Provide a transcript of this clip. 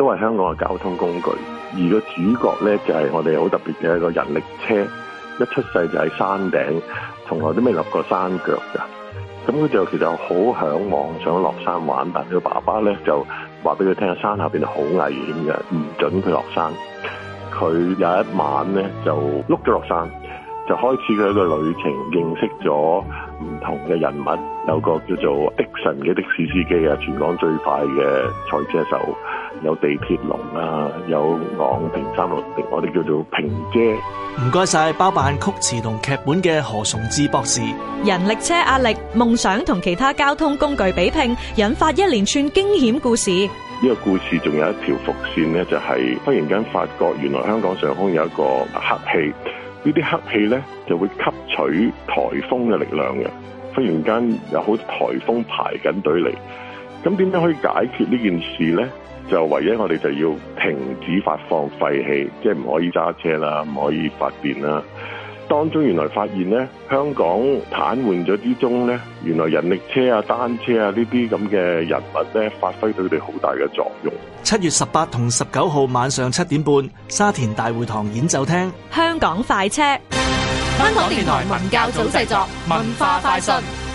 都係香港嘅交通工具，而個主角咧就係、是、我哋好特別嘅一個人力車，一出世就喺山頂，從來都未落過山腳噶。咁佢就其實好向往想落山玩，但係佢爸爸咧就話俾佢聽，山下邊好危險嘅，唔准佢落山。佢有一晚咧就碌咗落山，就開始佢一個旅程，認識咗唔同嘅人物，有個叫做 Action 嘅的，的士司機啊，全港最快嘅賽車手。有地鐵龍啊，有昂平三六零，我哋叫做平街。唔該晒包辦曲詞同劇本嘅何崇智博士。人力車壓力，夢想同其他交通工具比拼，引發一連串驚險故事。呢、這個故事仲有一條伏線呢就係、是、忽然間發覺原來香港上空有一個黑氣，呢啲黑氣呢就會吸取颱風嘅力量嘅。忽然間有好多颱風排緊隊嚟，咁點樣可以解決呢件事呢？就唯一我哋就要停止發放廢氣，即係唔可以揸車啦，唔可以發電啦。當中原來發現呢，香港癱瘓咗之中呢，原來人力車啊、單車啊呢啲咁嘅人物呢，發揮咗佢哋好大嘅作用。七月十八同十九號晚上七點半，沙田大會堂演奏廳，香港快車，香港電台文教組製作，文化快訊。